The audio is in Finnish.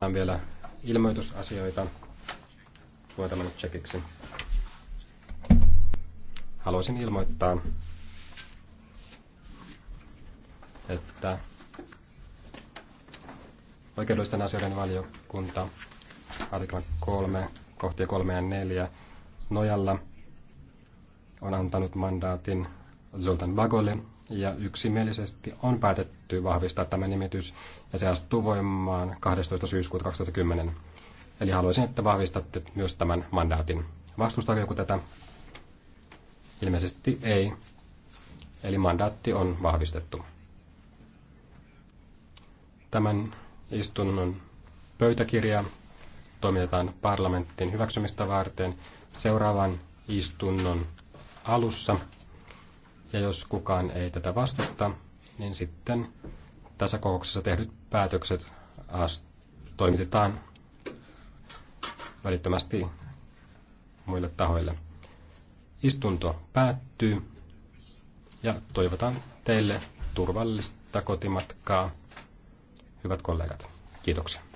on vielä ilmoitusasioita. Luetaan nyt tsekiksi. Haluaisin ilmoittaa, että oikeudellisten asioiden valiokunta artiklan 3, kohtia 3 ja 4 nojalla on antanut mandaatin Zoltan Bagolle ja yksimielisesti on päätetty vahvistaa tämä nimitys ja se astuu voimaan 12. syyskuuta 2010. Eli haluaisin, että vahvistatte myös tämän mandaatin. Vastustaako joku tätä? Ilmeisesti ei. Eli mandaatti on vahvistettu. Tämän istunnon pöytäkirja toimitetaan parlamentin hyväksymistä varten seuraavan istunnon alussa. Ja jos kukaan ei tätä vastusta, niin sitten tässä kokouksessa tehdyt päätökset äh, toimitetaan välittömästi muille tahoille. Istunto päättyy ja toivotan teille turvallista kotimatkaa, hyvät kollegat. Kiitoksia.